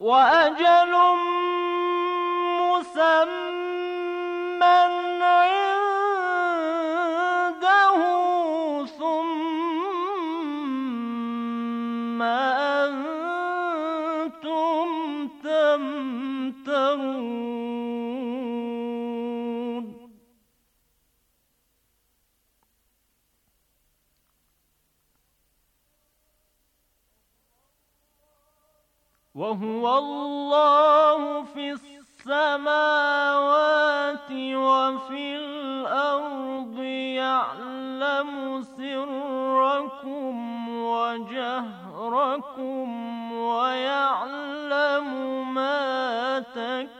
وأجل مسمى وهو الله في السماوات وفي الأرض يعلم سركم وجهركم ويعلم ما تكتبون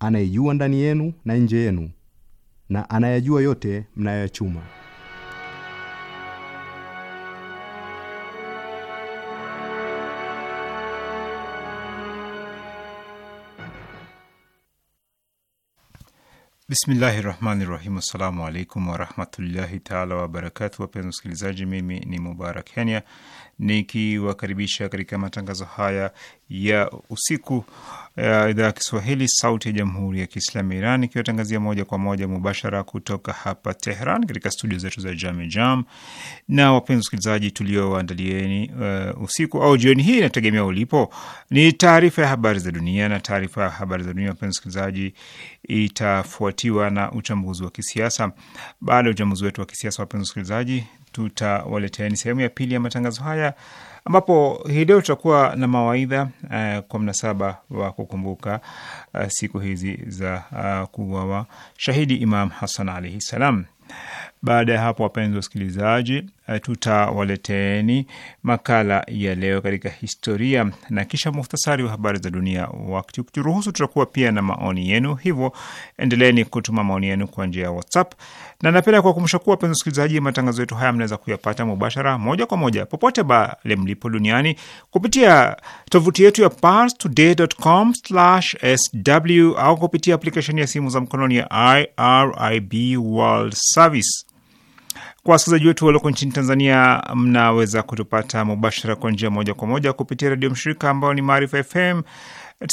anayejua ndani yenu na nje yenu na anayajua yote mnayoyachuma. Bismillahi rahmani rahim. Assalamu alaikum warahmatullahi taala wabarakatu. Wapenzi wasikilizaji, mimi ni Mubarak Kenya nikiwakaribisha katika matangazo haya ya usiku ya eh, idhaa ya Kiswahili sauti ya jamhuri ya Kiislamu ya Iran ikiwatangazia moja kwa moja mubashara kutoka hapa Tehran katika studio zetu za Jam Jam. Na wapenzi wasikilizaji, tuliowaandalieni uh, usiku au jioni hii inategemea ulipo, ni taarifa ya habari za dunia, na taarifa ya habari za dunia, wapenzi wasikilizaji, itafuatiwa na uchambuzi wa kisiasa. Baada ya uchambuzi wetu wa kisiasa, wapenzi wasikilizaji tutawaleteani sehemu ya pili ya matangazo haya ambapo hii leo tutakuwa na mawaidha uh, kwa mnasaba wa kukumbuka uh, siku hizi za uh, kuuawa shahidi Imam Hassan alaihi salam. Baada ya hapo, wapenzi wasikilizaji, Eh, tutawaleteni makala ya leo katika historia na kisha muhtasari wa habari za dunia. Wakati kuturuhusu, tutakuwa pia na maoni yenu, hivyo endeleni kutuma maoni yenu kwa njia ya WhatsApp, na napenda kuwakumbusha kuwa wapenzi wasikilizaji, matangazo yetu haya mnaweza kuyapata mubashara, moja kwa moja, popote pale mlipo duniani kupitia tovuti yetu ya parstoday.com/sw au kupitia aplikesheni ya simu za mkononi ya IRIB World Service. Kwa wasikilizaji wetu walioko nchini Tanzania, mnaweza kutupata mubashara kwa njia moja kwa moja kupitia redio mshirika ambayo ni Maarifa FM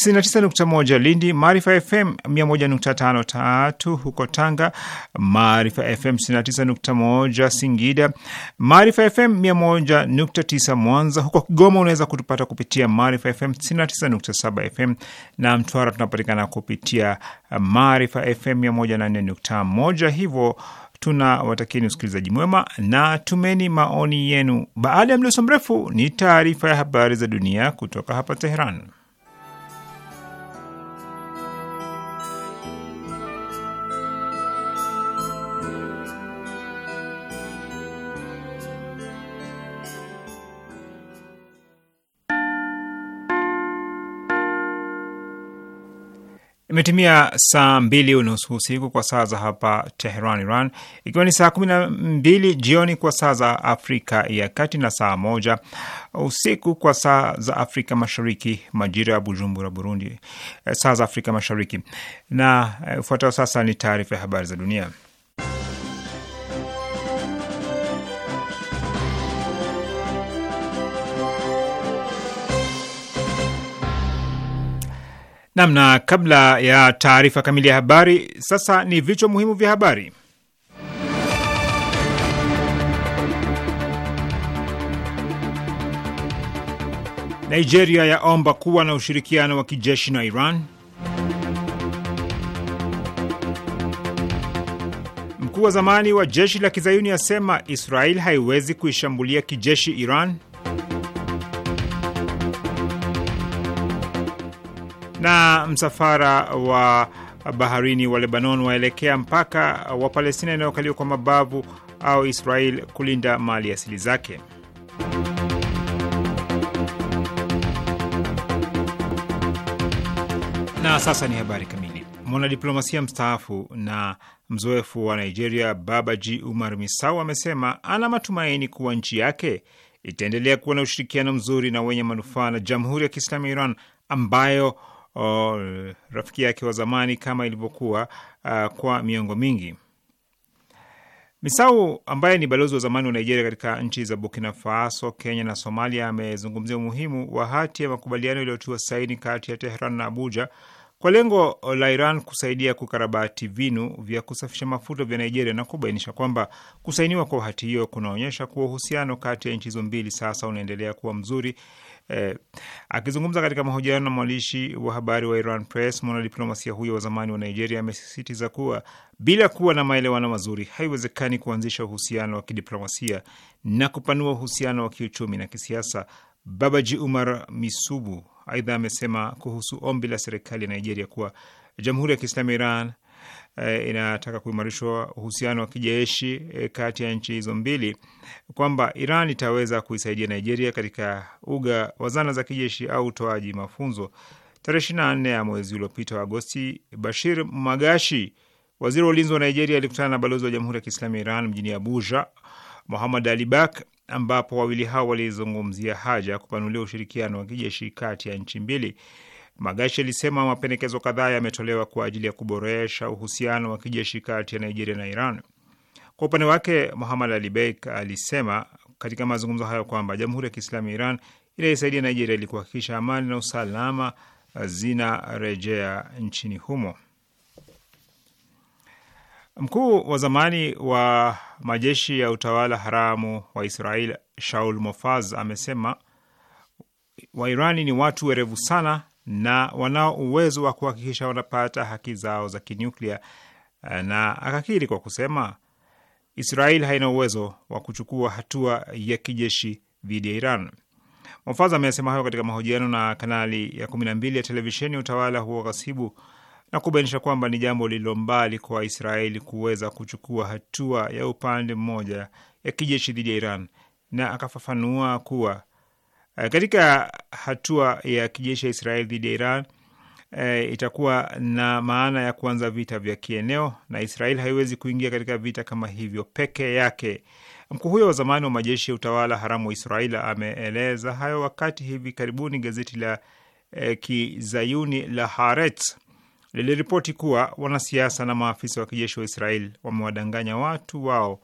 99.1 Lindi, Maarifa FM 101.53 huko Tanga, Maarifa FM 99.1 Singida, Maarifa FM 101.9 Mwanza. Huko Kigoma unaweza kutupata kupitia Maarifa FM 99.7 FM na Mtwara tunapatikana kupitia Maarifa FM 104.1. Hivyo tuna watakieni usikilizaji mwema na tumeni maoni yenu. Baada ya mdoso mrefu, ni taarifa ya habari za dunia kutoka hapa Teheran. Imetimia saa mbili unusu usiku kwa saa za hapa Teheran, Iran, ikiwa ni saa kumi na mbili jioni kwa saa za Afrika ya Kati na saa moja usiku kwa saa za Afrika Mashariki, majira ya Bujumbura, Burundi, eh, saa za Afrika Mashariki. Na eh, ufuatao sasa ni taarifa ya habari za dunia. Namna kabla ya taarifa kamili ya habari, sasa ni vichwa muhimu vya habari. Nigeria yaomba kuwa na ushirikiano wa kijeshi na Iran. Mkuu wa zamani wa jeshi la kizayuni asema Israel haiwezi kuishambulia kijeshi Iran. na msafara wa baharini wa Lebanon waelekea mpaka wa Palestina inayokaliwa kwa mabavu au Israel kulinda mali asili zake. Na sasa ni habari kamili. Mwanadiplomasia mstaafu na mzoefu wa Nigeria Babaji Umar Misau amesema ana matumaini kuwa nchi yake itaendelea kuwa na ushirikiano mzuri na wenye manufaa na Jamhuri ya Kiislamu ya Iran ambayo o, eh, rafiki yake wa zamani kama ilivyokuwa uh, kwa miongo mingi. Misau ambaye ni balozi wa zamani wa Nigeria katika nchi za Burkina Faso, Kenya na Somalia amezungumzia umuhimu wa hati ya makubaliano iliyotiwa saini kati ya Tehran na Abuja kwa lengo uh, la Iran kusaidia kukarabati vinu vya kusafisha mafuta vya Nigeria na kubainisha kwamba kusainiwa kwa hati hiyo kunaonyesha kuwa uhusiano kati ya nchi hizo mbili sasa unaendelea kuwa mzuri. Eh, akizungumza katika mahojiano na mwandishi wa habari wa Iran Press, mwanadiplomasia huyo wa zamani wa Nigeria amesisitiza kuwa bila kuwa na maelewano mazuri haiwezekani kuanzisha uhusiano wa kidiplomasia na kupanua uhusiano wa kiuchumi na kisiasa. Babaji Umar Misubu. Aidha amesema kuhusu ombi la serikali ya Nigeria kuwa Jamhuri ya Kiislamu ya Iran eh, inataka kuimarishwa uhusiano wa kijeshi eh, kati ya nchi hizo mbili kwamba Iran itaweza kuisaidia Nigeria katika uga wa zana za kijeshi au utoaji mafunzo. Tarehe ishirini na nne ya mwezi uliopita wa Agosti, Bashir Magashi, waziri wa ulinzi wa Nigeria, alikutana na balozi wa Jamhuri ya Kiislamu ya Iran mjini Abuja, Muhammad Ali Bak, ambapo wawili hao walizungumzia haja ya kupanulia ushirikiano wa kijeshi kati ya nchi mbili. Magashi alisema mapendekezo kadhaa yametolewa kwa ajili ya kuboresha uhusiano wa kijeshi kati ya Nigeria na Iran. Kwa upande wake, Muhamad Ali Beik alisema katika mazungumzo hayo kwamba Jamhuri ya Kiislamu ya Iran inaisaidia Nigeria ili kuhakikisha amani na usalama zinarejea nchini humo. Mkuu wa zamani wa majeshi ya utawala haramu wa Israel Shaul Mofaz amesema Wairani ni watu werevu sana na wanao uwezo wa kuhakikisha wanapata haki zao za kinyuklia, na akakiri kwa kusema Israel haina uwezo wa kuchukua hatua ya kijeshi dhidi ya Iran. Mofaz amesema hayo katika mahojiano na kanali ya 12 ya televisheni ya utawala huo ghasibu na kubainisha kwamba ni jambo lililo mbali kwa Israeli kuweza kuchukua hatua ya upande mmoja ya kijeshi dhidi ya Iran, na akafafanua kuwa eh, katika hatua ya kijeshi ya Israeli dhidi ya Iran e, itakuwa na maana ya kuanza vita vya kieneo na Israeli haiwezi kuingia katika vita kama hivyo peke yake. Mkuu huyo wa zamani wa majeshi ya utawala haramu wa Israeli ameeleza hayo wakati hivi karibuni gazeti la e, kizayuni la Haaretz liliripoti kuwa wanasiasa na maafisa wa kijeshi wa Israel wamewadanganya watu wao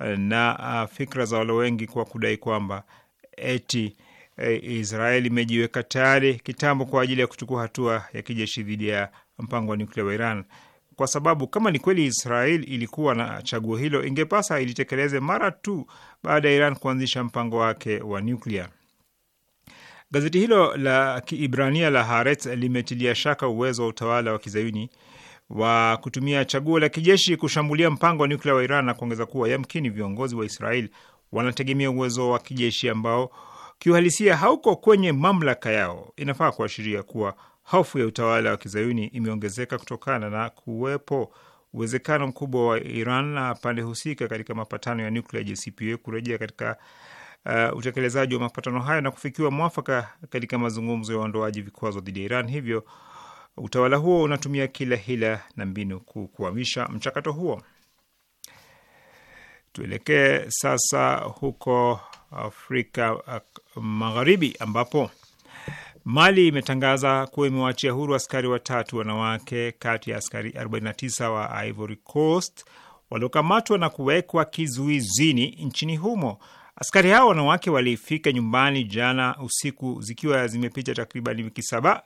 eh, na ah, fikra za walo wengi kwa kudai kwamba eti eh, Israel imejiweka tayari kitambo kwa ajili ya kuchukua hatua ya kijeshi dhidi ya mpango wa nyuklia wa Iran, kwa sababu kama ni kweli Israel ilikuwa na chaguo hilo, ingepasa ilitekeleze mara tu baada ya Iran kuanzisha mpango wake wa nyuklia. Gazeti hilo la Kiibrania la Haaretz limetilia shaka uwezo wa utawala wa kizayuni wa kutumia chaguo la kijeshi kushambulia mpango wa nyuklia wa Iran na kuongeza kuwa yamkini viongozi wa Israel wanategemea uwezo wa kijeshi ambao kiuhalisia hauko kwenye mamlaka yao. Inafaa kuashiria kuwa hofu ya utawala wa kizayuni imeongezeka kutokana na kuwepo uwezekano mkubwa wa Iran na pande husika katika mapatano ya nuklia JCPOA kurejea katika uh, utekelezaji wa mapatano hayo na kufikiwa mwafaka katika mazungumzo ya uondoaji vikwazo dhidi ya Iran. Hivyo utawala huo unatumia kila hila na mbinu kukwamisha mchakato huo. Tuelekee sasa huko Afrika uh, Magharibi ambapo Mali imetangaza kuwa imewaachia huru askari watatu wanawake kati ya askari 49 wa Ivory Coast waliokamatwa na kuwekwa kizuizini nchini humo. Askari hao wanawake walifika nyumbani jana usiku zikiwa zimepita takriban wiki saba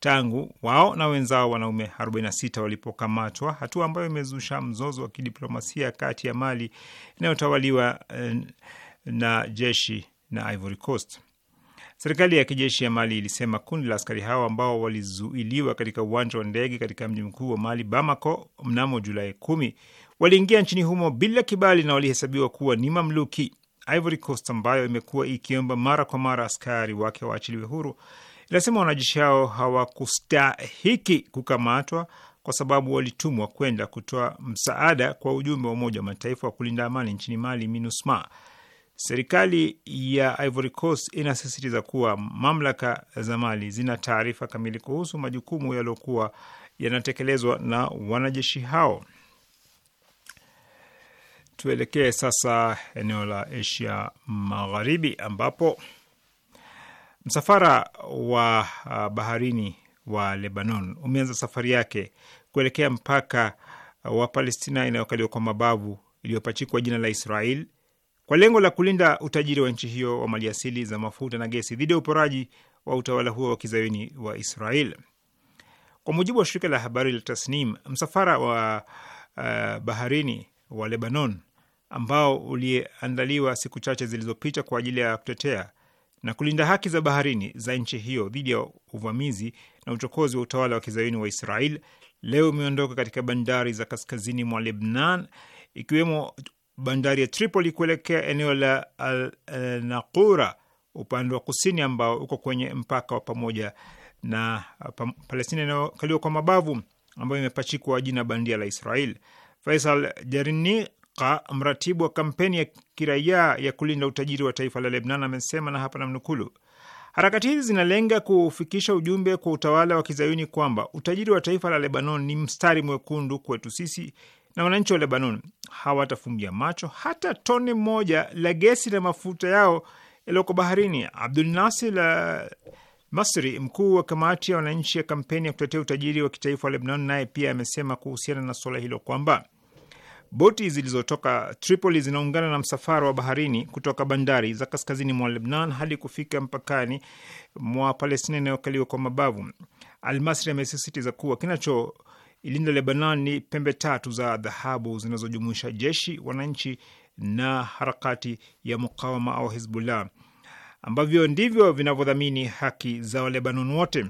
tangu wao na wenzao wanaume 46 walipokamatwa, hatua ambayo imezusha mzozo wa kidiplomasia kati ya Mali inayotawaliwa eh, na jeshi na Ivory Coast. Serikali ya kijeshi ya Mali ilisema kundi la askari hao ambao walizuiliwa katika uwanja wa ndege katika mji mkuu wa Mali, Bamako, mnamo Julai kumi, waliingia nchini humo bila kibali na walihesabiwa kuwa ni mamluki. Ivory Coast ambayo imekuwa ikiomba mara kwa mara askari wake waachiliwe huru, inasema wanajeshi hao hawakustahiki kukamatwa kwa sababu walitumwa kwenda kutoa msaada kwa ujumbe wa Umoja wa Mataifa wa kulinda amani nchini Mali, MINUSMA. Serikali ya Ivory Coast inasisitiza kuwa mamlaka za Mali zina taarifa kamili kuhusu majukumu yaliyokuwa yanatekelezwa na wanajeshi hao. Tuelekee sasa eneo la Asia Magharibi ambapo msafara wa uh, baharini wa Lebanon umeanza safari yake kuelekea mpaka wa Palestina inayokaliwa kwa mabavu iliyopachikwa jina la Israel kwa lengo la kulinda utajiri wa nchi hiyo wa maliasili za mafuta na gesi dhidi ya uporaji wa utawala huo wa kizayuni wa Israel. Kwa mujibu wa shirika la habari la Tasnim, msafara wa uh, baharini wa Lebanon ambao uliandaliwa siku chache zilizopita kwa ajili ya kutetea na kulinda haki za baharini za nchi hiyo dhidi ya uvamizi na uchokozi wa utawala wa kizayuni wa Israel leo imeondoka katika bandari za kaskazini mwa Lebnan ikiwemo bandari ya Tripoli kuelekea eneo la Al-Naqura upande wa kusini ambao uko kwenye mpaka wa pamoja na uh, pa, Palestina inayokaliwa kwa mabavu ambayo imepachikwa jina bandia la Israel. Faisal Jarini, Qa, mratibu wa kampeni ya kiraia ya kulinda utajiri wa taifa la Lebnan, amesema na hapa namnukulu: harakati hizi zinalenga kufikisha ujumbe kwa utawala wa kizayuni kwamba utajiri wa taifa la Lebanon ni mstari mwekundu kwetu sisi na wananchi wa Lebanon hawatafumbia macho hata tone moja la gesi na mafuta yao yaliyoko baharini. Abdul Nasir la Masri, mkuu wa kamati ya wananchi ya kampeni ya kutetea utajiri wa kitaifa wa Lebanon, naye pia amesema kuhusiana na suala hilo kwamba Boti zilizotoka Tripoli zinaungana na msafara wa baharini kutoka bandari za kaskazini mwa Lebnan hadi kufika mpakani mwa Palestina inayokaliwa kwa mabavu. Almasri amesisitiza kuwa ilinda Lebanon ni pembe tatu za dhahabu zinazojumuisha jeshi, wananchi na harakati ya mukawama au Hizbullah, ambavyo ndivyo vinavyodhamini haki za Walebanon wote.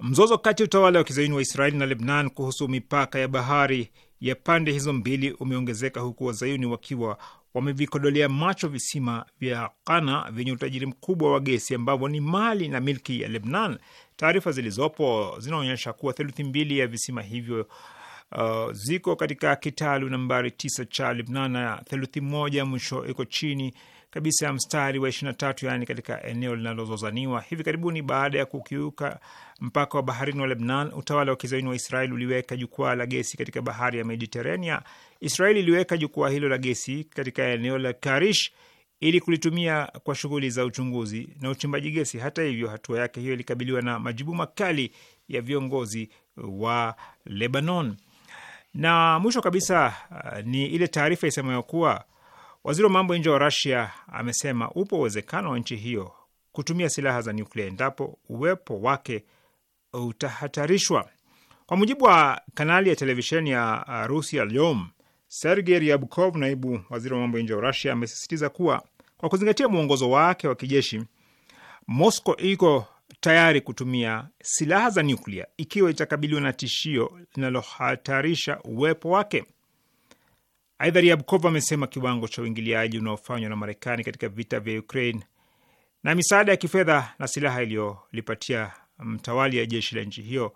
Mzozo kati ya utawala wa kizaini wa Israeli na Lebnan kuhusu mipaka ya bahari ya pande hizo mbili umeongezeka huku wazayuni wakiwa wamevikodolea macho visima vya Qana vyenye utajiri mkubwa wa gesi ambavyo ni mali na milki ya Lebnan. Taarifa zilizopo zinaonyesha kuwa theluthi mbili ya visima hivyo uh, ziko katika kitalu nambari tisa cha Lebnan na theluthi moja mwisho iko chini kabisa ya mstari wa tatu yaani katika eneo linalozozaniwa. Hivi karibuni, baada ya kukiuka mpaka wa baharini wa Lebnan, utawala wa kizaini wa Israeli uliweka jukwaa la gesi katika bahari ya Mediterania. Israeli iliweka jukwaa hilo la gesi katika eneo la Karish ili kulitumia kwa shughuli za uchunguzi na uchimbaji gesi. Hata hivyo, hatua yake hiyo ilikabiliwa na majibu makali ya viongozi wa Lebanon. Na mwisho kabisa uh, ni ile taarifa isemayo kuwa Waziri wa mambo ya nje wa Rusia amesema upo uwezekano wa nchi hiyo kutumia silaha za nyuklia endapo uwepo wake utahatarishwa. Kwa mujibu wa kanali ya televisheni ya uh, Rusia Lyom, Sergei Ryabkov, naibu waziri wa mambo ya nje wa Rusia, amesisitiza kuwa kwa kuzingatia mwongozo wake wa kijeshi, Moscow iko tayari kutumia silaha za nyuklia ikiwa itakabiliwa na tishio linalohatarisha uwepo wake. Aidha, Ryabkov amesema kiwango cha uingiliaji unaofanywa na Marekani katika vita vya Ukraine na misaada ya kifedha na silaha iliyolipatia mtawali ya jeshi la nchi hiyo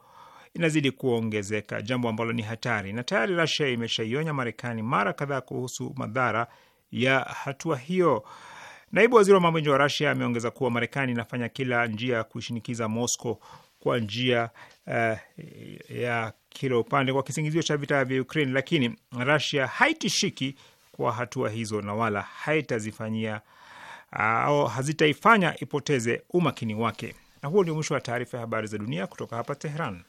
inazidi kuongezeka, jambo ambalo ni hatari, na tayari rasia imeshaionya Marekani mara kadhaa kuhusu madhara ya hatua hiyo. Naibu waziri wa mambo nje wa rasia ameongeza kuwa Marekani inafanya kila njia ya kuishinikiza Moscow kwa njia uh, ya kila upande kwa kisingizio cha vita vya Ukraine, lakini Russia haitishiki kwa hatua hizo na wala haitazifanyia uh, au hazitaifanya ipoteze umakini wake. Na huo ndio mwisho wa taarifa ya habari za dunia kutoka hapa Tehran.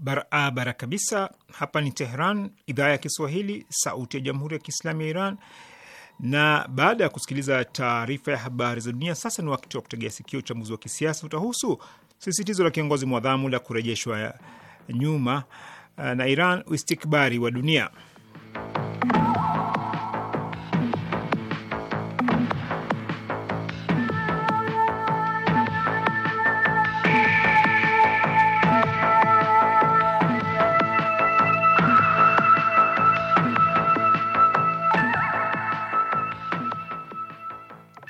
barabara kabisa. Hapa ni Tehran, idhaa ya Kiswahili, sauti ya jamhuri ya kiislamu ya Iran. Na baada ya kusikiliza taarifa ya habari za dunia, sasa ni wakati wa kutegea sikio. Uchambuzi wa kisiasa utahusu sisitizo la kiongozi mwadhamu la kurejeshwa nyuma eh, na Iran, uistikbari wa dunia.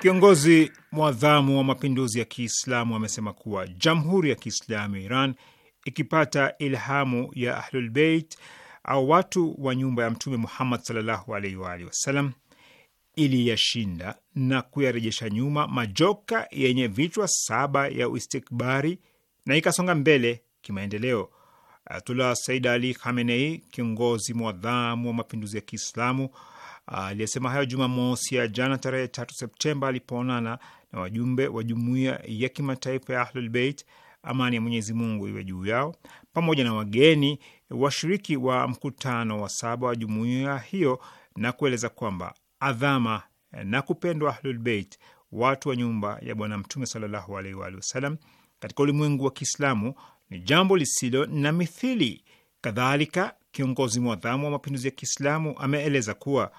Kiongozi mwadhamu wa mapinduzi ya Kiislamu amesema kuwa Jamhuri ya Kiislamu ya Iran ikipata ilhamu ya Ahlulbeit au watu wa nyumba ya Mtume Muhammad sallallahu alaihi wa alihi wasallam iliyashinda na kuyarejesha nyuma majoka yenye vichwa saba ya uistikbari na ikasonga mbele kimaendeleo. Ayatullah Said Ali Khamenei, kiongozi mwadhamu wa mapinduzi ya Kiislamu, aliyesema hayo Jumamosi ya jana tarehe tatu Septemba alipoonana na wajumbe wa jumuiya ya kimataifa ya Ahlulbeit, amani ya Mwenyezi Mungu iwe juu yao, pamoja na wageni washiriki wa mkutano wa saba wa jumuiya hiyo, na kueleza kwamba adhama na kupendwa Ahlulbeit, watu wa nyumba ya Bwana Mtume sallallahu alaihi wa alihi wasallam katika ulimwengu wa Kiislamu ni jambo lisilo na mithili. Kadhalika, kiongozi mwadhamu wa mapinduzi ya Kiislamu ameeleza kuwa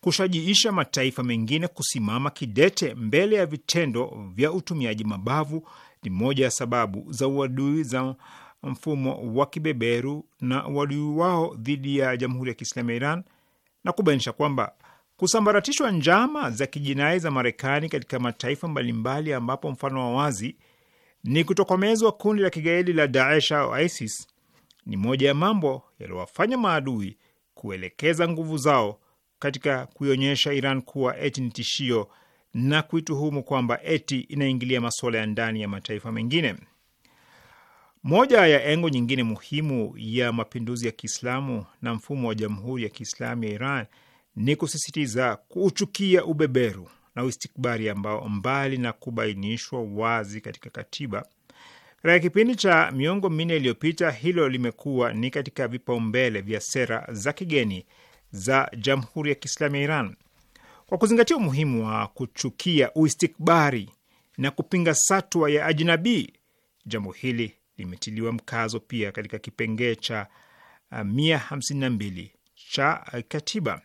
kushajiisha mataifa mengine kusimama kidete mbele ya vitendo vya utumiaji mabavu ni moja ya sababu za uadui za mfumo wa kibeberu na uadui wao dhidi ya Jamhuri ya Kiislamu ya Iran na kubainisha kwamba kusambaratishwa njama za kijinai za Marekani katika mataifa mbalimbali, ambapo mfano wa wazi ni kutokomezwa kundi la kigaidi la Daesh au ISIS, ni moja ya mambo yaliyowafanya maadui kuelekeza nguvu zao katika kuionyesha Iran kuwa eti ni tishio na kuituhumu kwamba eti inaingilia masuala ya ndani ya mataifa mengine. Moja ya engo nyingine muhimu ya mapinduzi ya Kiislamu na mfumo wa Jamhuri ya Kiislamu ya Iran ni kusisitiza kuuchukia ubeberu na uistikbari ambao mbali na kubainishwa wazi katika katiba, katika kipindi cha miongo minne iliyopita, hilo limekuwa ni katika vipaumbele vya sera za kigeni za Jamhuri ya Kiislamu ya Iran. Kwa kuzingatia umuhimu wa kuchukia uistikbari na kupinga satwa ya ajnabii, jambo hili limetiliwa mkazo pia katika kipengee cha 52 uh, cha katiba.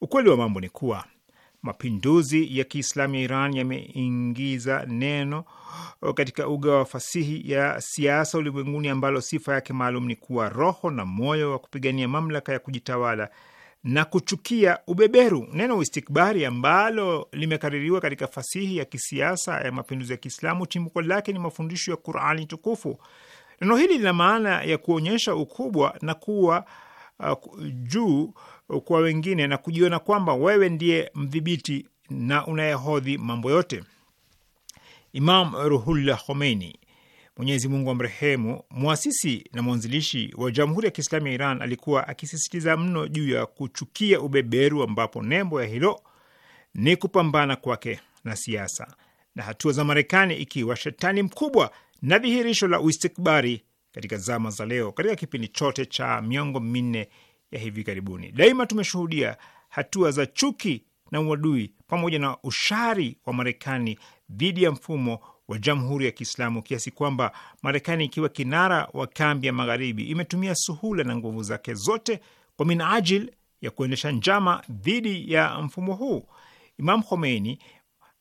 Ukweli wa mambo ni kuwa mapinduzi ya Kiislamu ya Iran yameingiza neno katika uga wa fasihi ya siasa ulimwenguni ambalo sifa yake maalum ni kuwa roho na moyo wa kupigania mamlaka ya kujitawala na kuchukia ubeberu. Neno istikbari ambalo limekaririwa katika fasihi ya kisiasa ya mapinduzi ya Kiislamu, chimbuko lake ni mafundisho ya Qurani tukufu. Neno hili lina maana ya kuonyesha ukubwa na kuwa uh, juu kwa wengine na kujiona kwamba wewe ndiye mdhibiti na unayehodhi mambo yote. Imam Ruhullah Khomeini Mwenyezi Mungu amrehemu, mwasisi na mwanzilishi wa Jamhuri ya Kiislamu ya Iran alikuwa akisisitiza mno juu ya kuchukia ubeberu, ambapo nembo ya hilo ni kupambana kwake na siasa na hatua za Marekani ikiwa shetani mkubwa na dhihirisho la uistikbari katika zama za leo. Katika kipindi chote cha miongo minne ya hivi karibuni, daima tumeshuhudia hatua za chuki na uadui pamoja na ushari wa Marekani dhidi ya mfumo wa Jamhuri ya Kiislamu kiasi kwamba Marekani ikiwa kinara wa kambi ya Magharibi imetumia suhula na nguvu zake zote kwa minajil ya kuendesha njama dhidi ya mfumo huu. Imam Khomeini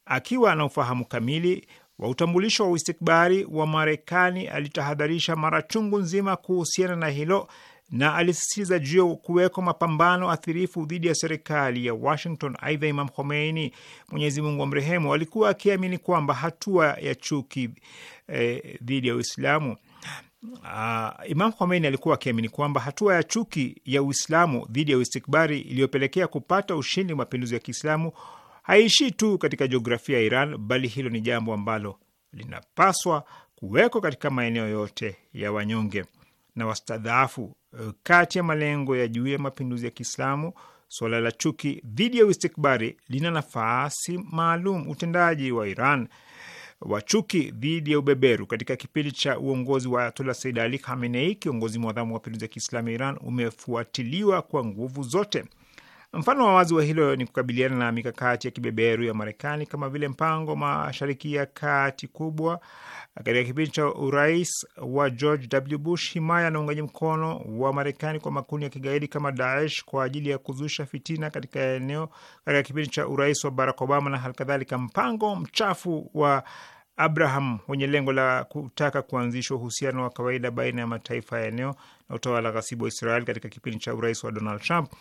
akiwa na ufahamu kamili wa utambulisho wa uistikbari wa Marekani alitahadharisha mara chungu nzima kuhusiana na hilo na alisisitiza juu ya kuwekwa mapambano athirifu dhidi ya serikali ya Washington. Aidha, Imam Khomeini, Mwenyezi Mungu amrehemu, alikuwa akiamini kwamba hatua ya chuki eh, ya Uislamu Uh, Imam Khomeini alikuwa akiamini kwamba hatua ya chuki ya Uislamu dhidi ya uistikbari iliyopelekea kupata ushindi wa mapinduzi ya Kiislamu haiishii tu katika jiografia ya Iran, bali hilo ni jambo ambalo linapaswa kuwekwa katika maeneo yote ya wanyonge na wastadhaafu Uh, kati ya malengo ya juu ya mapinduzi ya Kiislamu, suala la chuki dhidi ya uistikbari lina nafasi maalum. Utendaji wa Iran wa chuki dhidi ya ubeberu katika kipindi cha uongozi wa atula Said Ali Khamenei, kiongozi mwadhamu wa mapinduzi ya Kiislamu ya Iran, umefuatiliwa kwa nguvu zote. Mfano wa wazi wa hilo ni kukabiliana na mikakati ya kibeberu ya Marekani kama vile mpango Mashariki ya Kati kubwa katika kipindi cha urais wa George W. Bush himaya na uungaji mkono wa Marekani kwa makundi ya kigaidi kama Daesh kwa ajili ya kuzusha fitina katika eneo katika kipindi cha urais wa Barack Obama na halikadhalika mpango mchafu wa Abraham wenye lengo la kutaka kuanzishwa uhusiano wa kawaida baina ya mataifa ya eneo na utawala ghasibu wa Israel katika kipindi cha urais wa Donald Trump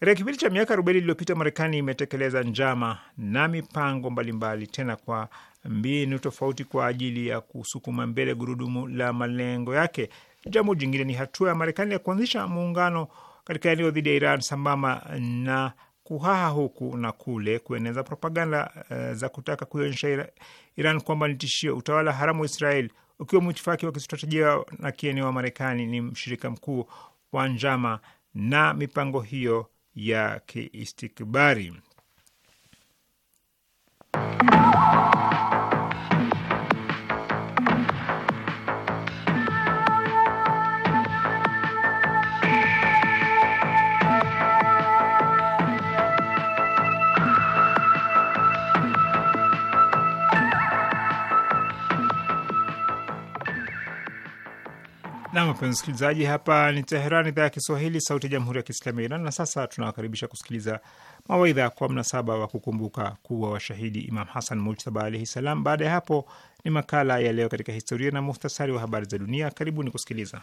katika kipindi cha miaka arobaini iliyopita Marekani imetekeleza njama na mipango mbalimbali, tena kwa mbinu tofauti, kwa ajili ya kusukuma mbele gurudumu la malengo yake. Jambo jingine ni hatua ya Marekani ya kuanzisha muungano katika eneo dhidi ya Iran sambamba na kuhaha huku na kule kueneza propaganda uh, za kutaka kuionyesha Iran kwamba ni tishio. Utawala haramu wa Israel ukiwa mwitifaki wa kistratejia na kieneo wa Marekani ni mshirika mkuu wa njama na mipango hiyo ya kiistikbari wapenzi msikilizaji, hapa ni Teheran, idhaa ya Kiswahili, sauti ya jamhuri ya kiislami ya Iran. Na sasa tunawakaribisha kusikiliza mawaidha kwa mnasaba wa kukumbuka kuwa washahidi Imam Hasan Mujtaba alaihi salam. Baada ya hapo ni makala ya leo katika historia na muhtasari wa habari za dunia. Karibuni kusikiliza.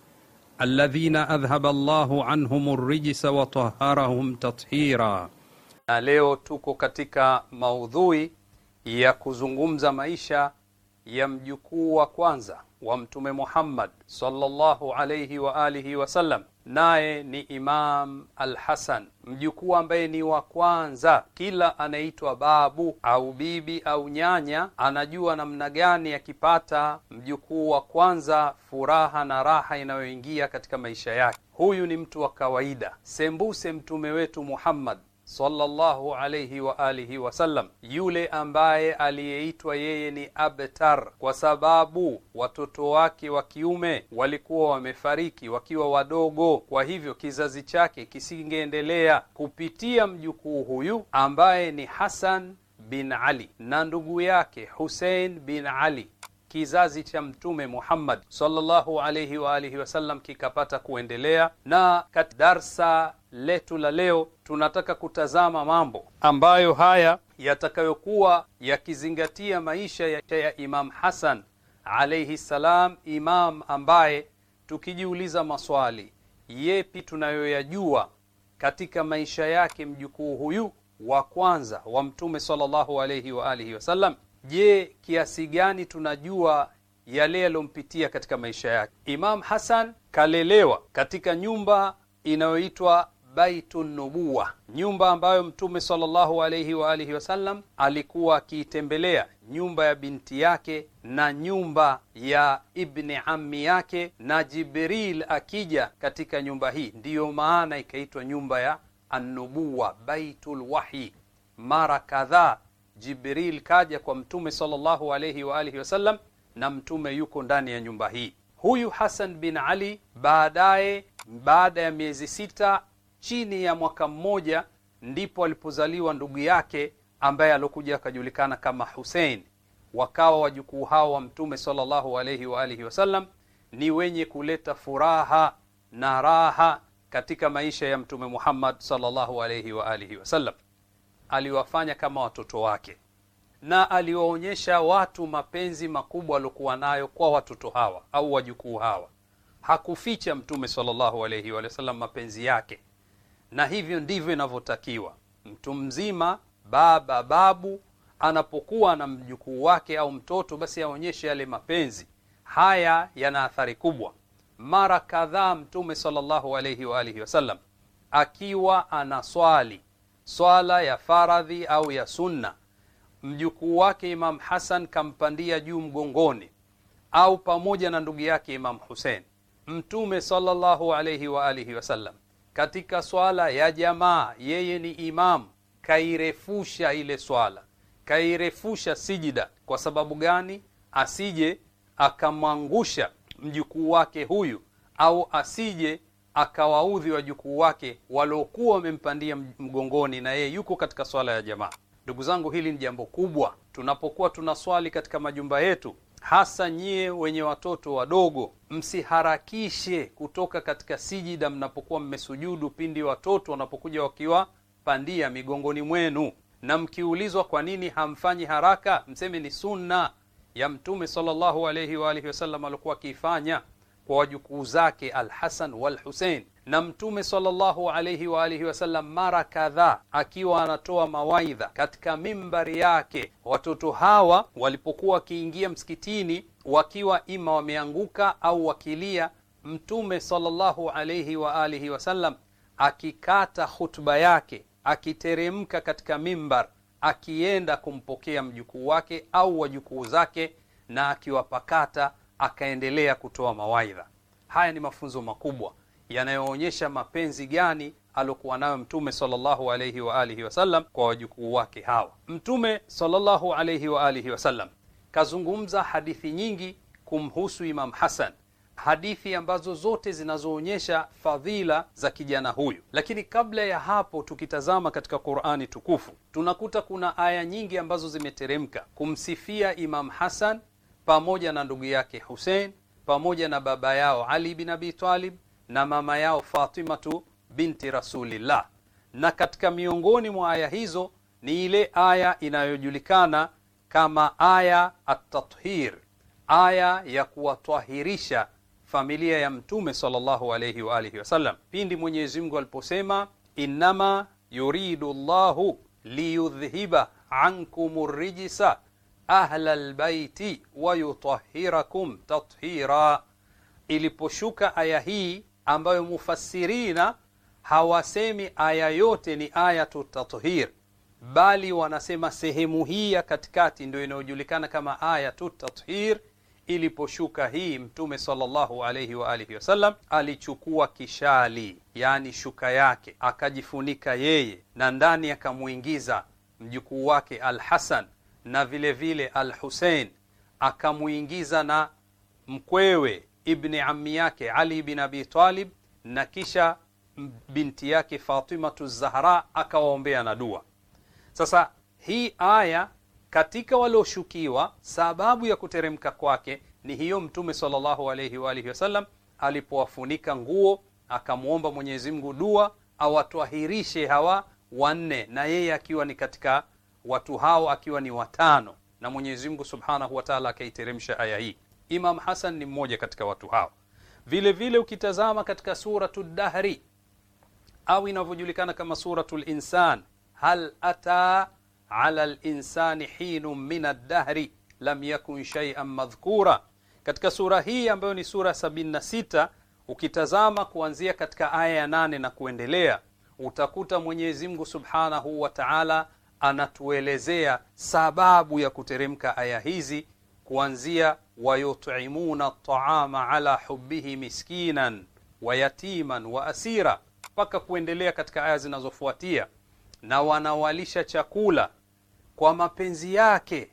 alladhina adhhaba Allahu anhum rrijsa wa taharahum tathira. Na leo tuko katika maudhui ya kuzungumza maisha ya mjukuu wa kwanza wa Mtume Muhammad sallallahu alayhi wa alihi wasallam, naye ni Imam Al-Hasan, mjukuu ambaye ni wa kwanza. Kila anaitwa babu au bibi au nyanya, anajua namna gani akipata mjukuu wa kwanza, furaha na raha inayoingia katika maisha yake. Huyu ni mtu wa kawaida, sembuse mtume wetu Muhammad sallallahu alayhi wa alihi wasallam, yule ambaye aliyeitwa yeye ni Abtar kwa sababu watoto wake wa kiume walikuwa wamefariki wakiwa wadogo, kwa hivyo kizazi chake kisingeendelea kupitia mjukuu huyu ambaye ni Hasan bin Ali na ndugu yake Husein bin Ali kizazi cha Mtume Muhammad sallallahu alayhi wa alihi wasallam kikapata kuendelea na kat darsa letu la leo, tunataka kutazama mambo ambayo haya yatakayokuwa yakizingatia maisha ya, ya Imam Hasan alaihi ssalam, imam ambaye tukijiuliza maswali yepi tunayoyajua katika maisha yake mjukuu huyu wa kwanza wa Mtume sallallahu alaihi wa alihi wasallam. Je, kiasi gani tunajua yale yaliyompitia katika maisha yake? Imam Hasan kalelewa katika nyumba inayoitwa baitu nubuwa, nyumba ambayo Mtume sallallahu alayhi wa alihi wasallam alikuwa akiitembelea, nyumba ya binti yake na nyumba ya ibni ammi yake, na Jibril akija katika nyumba hii, ndiyo maana ikaitwa nyumba ya annubuwa, baitu lwahi Mara kadhaa Jibril kaja kwa Mtume sallallahu alayhi wa alihi wasallam, na Mtume yuko ndani ya nyumba hii. Huyu Hasan bin Ali baadaye, baada ya miezi sita chini ya mwaka mmoja ndipo alipozaliwa ndugu yake ambaye alokuja akajulikana kama Hussein. Wakawa wajukuu hao wa Mtume sallallahu alayhi wa alihi wasallam ni wenye kuleta furaha na raha katika maisha ya Mtume Muhammad sallallahu alayhi wa alihi wasallam. Aliwafanya kama watoto wake na aliwaonyesha watu mapenzi makubwa aliokuwa nayo kwa watoto hawa au wajukuu hawa. Hakuficha Mtume sallallahu alayhi wa sallam mapenzi yake na hivyo ndivyo inavyotakiwa. Mtu mzima, baba, babu, anapokuwa na mjukuu wake au mtoto, basi aonyeshe yale mapenzi. Haya yana athari kubwa. Mara kadhaa Mtume sallallahu alayhi wa alihi wasallam akiwa anaswali swala ya faradhi au ya sunna, mjukuu wake Imam Hasan kampandia juu mgongoni, au pamoja na ndugu yake Imam Husein. Mtume sallallahu alayhi wa alihi wasallam katika swala ya jamaa, yeye ni imam kairefusha ile swala, kairefusha sijida. Kwa sababu gani? Asije akamwangusha mjukuu wake huyu, au asije akawaudhi wajukuu wake waliokuwa wamempandia mgongoni, na yeye yuko katika swala ya jamaa. Ndugu zangu, hili ni jambo kubwa. Tunapokuwa tunaswali katika majumba yetu hasa nyie wenye watoto wadogo, msiharakishe kutoka katika sijida mnapokuwa mmesujudu, pindi watoto wanapokuja wakiwapandia migongoni mwenu. Na mkiulizwa kwa nini hamfanyi haraka, mseme ni sunna ya Mtume sallallahu alayhi wa alihi wasallam alikuwa akiifanya kwa wajukuu zake Alhasan walhusein na Mtume sallallahu alayhi wa alihi wasallam mara kadhaa akiwa anatoa mawaidha katika mimbari yake, watoto hawa walipokuwa wakiingia msikitini, wakiwa ima wameanguka au wakilia, Mtume sallallahu alayhi wa alihi wasallam akikata khutba yake, akiteremka katika mimbar, akienda kumpokea mjukuu wake au wajukuu zake, na akiwapakata akaendelea kutoa mawaidha. Haya ni mafunzo makubwa yanayoonyesha mapenzi gani alokuwa nayo Mtume sallallahu alaihi wa alihi wasallam kwa wajukuu wake hawa. Mtume sallallahu alaihi wa alihi wasallam kazungumza hadithi nyingi kumhusu Imam Hasan, hadithi ambazo zote zinazoonyesha fadhila za kijana huyu. Lakini kabla ya hapo, tukitazama katika Qur'ani tukufu tunakuta kuna aya nyingi ambazo zimeteremka kumsifia Imam Hasan pamoja na ndugu yake Husein pamoja na baba yao Ali bin Abi Talib na mama yao Fatimatu binti Rasulillah. Na katika miongoni mwa aya hizo ni ile aya inayojulikana kama aya at-tathhir, aya ya kuwatwahirisha familia ya Mtume sallallahu alayhi wa alihi wasallam, pindi Mwenyezi Mungu aliposema innama yuridu llahu liyudhhiba ankum rijisa ahla lbaiti wayutahirakum tathira. Iliposhuka aya hii ambayo mufassirina hawasemi aya yote ni ayatu tathir, bali wanasema sehemu hii ya katikati ndio inayojulikana kama ayatu tathir. Iliposhuka hii Mtume sallallahu alayhi wa alihi wasallam alichukua kishali, yani shuka yake, akajifunika yeye, na ndani akamwingiza mjukuu wake Al-Hasan na vilevile vile Al-Husein, akamwingiza na mkwewe ibni ammi yake Ali bin Abi Talib na kisha binti yake Fatimatu Zahra akawaombea na dua. Sasa hii aya katika walioshukiwa, sababu ya kuteremka kwake ni hiyo, Mtume sallallahu alayhi wa alihi wasallam alipowafunika nguo akamwomba Mwenyezi Mungu dua awatwahirishe hawa wanne, na yeye akiwa ni katika watu hao, akiwa ni watano, na Mwenyezi Mungu subhanahu wa taala akaiteremsha aya hii. Imam Hasan ni mmoja katika watu hao. Vile vile ukitazama katika suratu Dahri au inavyojulikana kama suratu Linsan, hal ata ala linsani hinu min aldahri lam yakun shay'an madhkura. Katika sura hii ambayo ni sura 76 ukitazama kuanzia katika aya ya nane na kuendelea utakuta Mwenyezi Mungu Subhanahu wa Ta'ala anatuelezea sababu ya kuteremka aya hizi kuanzia wayutimuna at'ama ala hubbihi miskinan wa yatiman wa asira, mpaka kuendelea katika aya zinazofuatia, na wanawalisha chakula kwa mapenzi yake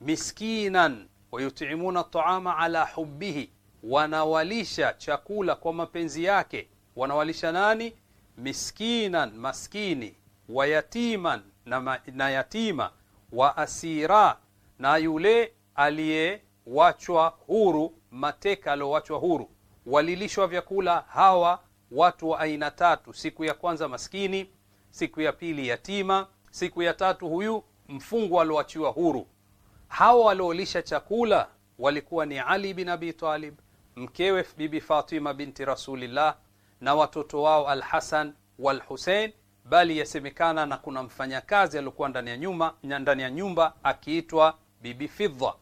miskinan wayutimuna at'ama ala hubbihi, wanawalisha chakula kwa mapenzi yake. Wanawalisha nani? Miskinan, maskini, wa yatiman na, na yatima, wa asira, na yule aliye wachwa huru, mateka aliowachwa huru, walilishwa vyakula hawa watu wa aina tatu: siku ya kwanza maskini, siku ya pili yatima, siku ya tatu huyu mfungwa alioachiwa huru. Hawa waliolisha chakula walikuwa ni Ali bin Abi Talib, mkewe Bibi Fatima binti Rasulillah na watoto wao Al-Hasan wal bali yasemekana na kuna mfanyakazi aliokuwa ndani ya nyumba akiitwa Bibi Fidda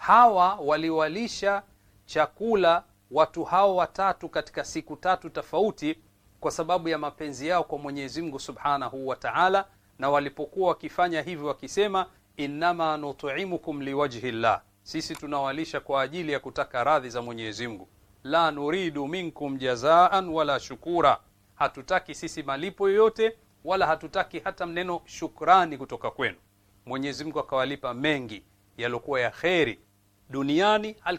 hawa waliwalisha chakula watu hao watatu katika siku tatu tofauti kwa sababu ya mapenzi yao kwa Mwenyezi Mungu Subhanahu wa Ta'ala, na walipokuwa wakifanya hivyo wakisema, innama nut'imukum liwajhi llah, sisi tunawalisha kwa ajili ya kutaka radhi za Mwenyezi Mungu. La nuridu minkum jazaan wala shukura, hatutaki sisi malipo yoyote wala hatutaki hata mneno shukrani kutoka kwenu. Mwenyezi Mungu akawalipa mengi yaliokuwa ya kheri duniani hal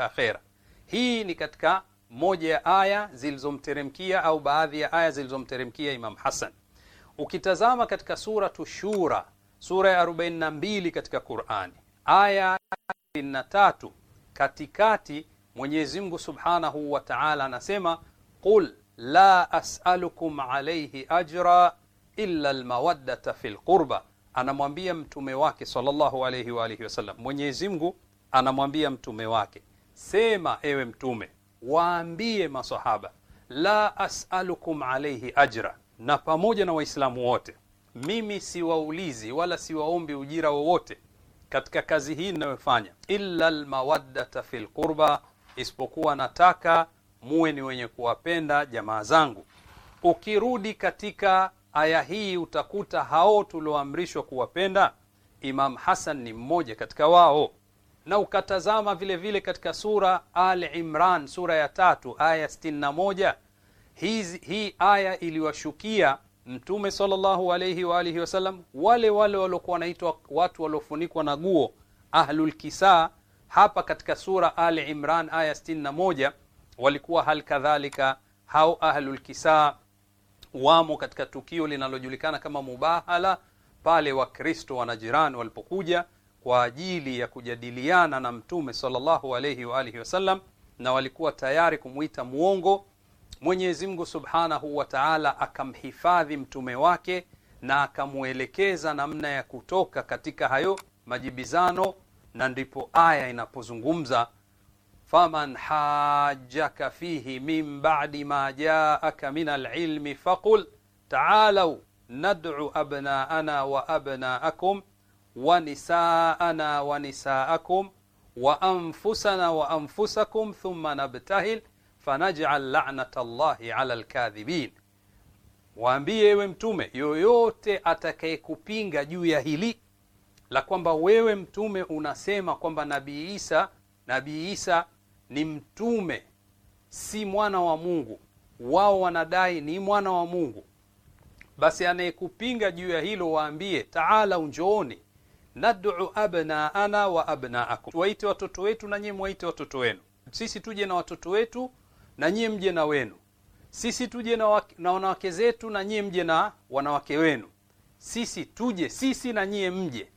akhera. Hii ni katika moja ya aya zilizomteremkia au baadhi ya aya zilizomteremkia Imam Hasan. Ukitazama katika suratu Shura, sura ya 42 katika Qurani, aya 23 katikati, Mwenyezi Mungu subhanahu wa taala anasema qul la as'alukum alaihi ajra illa almawaddata fi lqurba anamwambia mtume wake sallallahu alayhi wa alihi wasallam, Mwenyezi Mungu anamwambia mtume wake, sema ewe mtume, waambie masahaba, la as'alukum alayhi ajra, na pamoja na Waislamu wote mimi siwaulizi wala siwaombi ujira wowote katika kazi hii ninayofanya, illa almawaddata fil qurba, isipokuwa nataka muwe ni wenye kuwapenda jamaa zangu. Ukirudi katika aya hii utakuta hao tulioamrishwa kuwapenda, Imam Hasan ni mmoja katika wao na ukatazama vile vile katika sura Al Imran sura ya tatu aya 61 moja hii aya iliwashukia Mtume sallallahu alayhi wa alihi wasallam wale wale waliokuwa wanaitwa watu waliofunikwa na guo ahlulkisa. Hapa katika sura Al Imran aya moja walikuwa hal kadhalika hao ahlulkisa wamo katika tukio linalojulikana kama mubahala, pale Wakristo wanajirani walipokuja kwa ajili ya kujadiliana na Mtume sallallahu alayhi wa alihi wasallam, na walikuwa tayari kumwita mwongo. Mwenyezi Mungu subhanahu wa taala akamhifadhi mtume wake na akamwelekeza namna ya kutoka katika hayo majibizano, na ndipo aya inapozungumza faman hajaka fihi min ba'di ma jaaka min alilmi faqul ta'alau nad'u abna'ana wa abna'akum wanisaana wanisaakum waanfusana waanfusakum thumma nabtahil fanaj'al lanat llahi 'ala lkadhibin, waambie ewe Mtume, yoyote atakayekupinga juu ya hili la kwamba wewe Mtume unasema kwamba Nabii Isa Nabii Isa ni mtume si mwana wa Mungu, wao wanadai ni mwana wa Mungu, basi anayekupinga juu ya hilo waambie, taala, unjooni nad'u abnaana wa abnaakum, waite watoto wetu na nyie mwaite watoto wenu. Sisi tuje na watoto wetu na nyie mje na wenu. Sisi tuje na, na wanawake zetu na nyie mje na wanawake wenu. Sisi tuje sisi na nyie mje.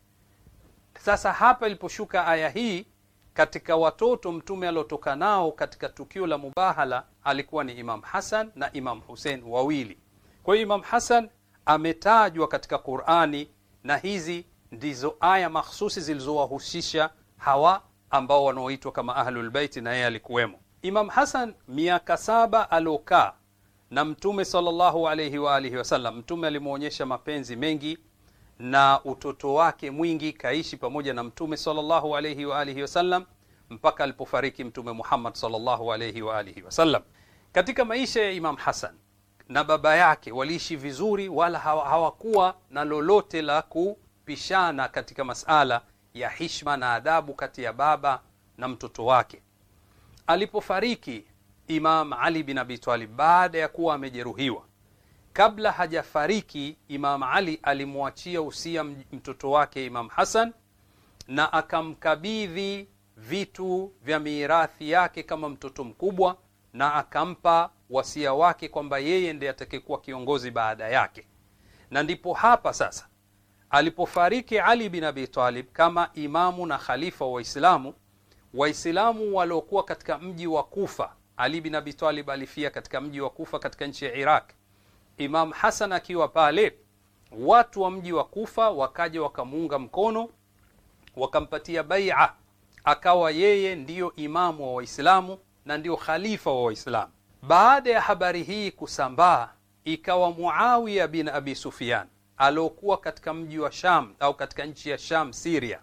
Sasa hapa iliposhuka aya hii katika watoto mtume aliotoka nao katika tukio la Mubahala alikuwa ni Imam Hasan na Imam Husein wawili. Kwa hiyo Imam Hasan ametajwa katika Qur'ani na hizi ndizo aya mahsusi zilizowahusisha hawa ambao wanaoitwa kama ahlulbeiti, na yeye alikuwemo. Imam Hasan miaka saba aliokaa na Mtume sallallahu alaihi wa alihi wasallam, Mtume alimwonyesha mapenzi mengi na utoto wake mwingi kaishi pamoja na Mtume sallallahu alaihi wa alihi wasallam mpaka alipofariki Mtume Muhammad sallallahu alaihi wa alihi wasallam. Katika maisha ya Imam Hasan na baba yake waliishi vizuri, wala hawakuwa na lolote la ku kupishana katika masala ya hishma na adabu kati ya baba na mtoto wake. Alipofariki Imam Ali bin Abi Talib baada ya kuwa amejeruhiwa, kabla hajafariki, Imam Ali alimwachia usia mtoto wake Imam Hasan na akamkabidhi vitu vya mirathi yake kama mtoto mkubwa, na akampa wasia wake kwamba yeye ndiye atakayekuwa kiongozi baada yake, na ndipo hapa sasa alipofariki Ali bin Abi Talib kama imamu na khalifa wa Waislamu, Waislamu waliokuwa katika mji wa Kufa. Ali bin Abi Talib alifia katika mji wa Kufa katika nchi ya Iraq. Imam Hasan akiwa pale, watu wa mji wa Kufa wakaja wakamuunga mkono, wakampatia bai'a, akawa yeye ndiyo imamu wa Waislamu na ndiyo khalifa wa Waislamu. Baada ya habari hii kusambaa, ikawa Muawiya bin Abi Sufyan aliokuwa katika mji wa Sham au katika nchi ya Sham Syria,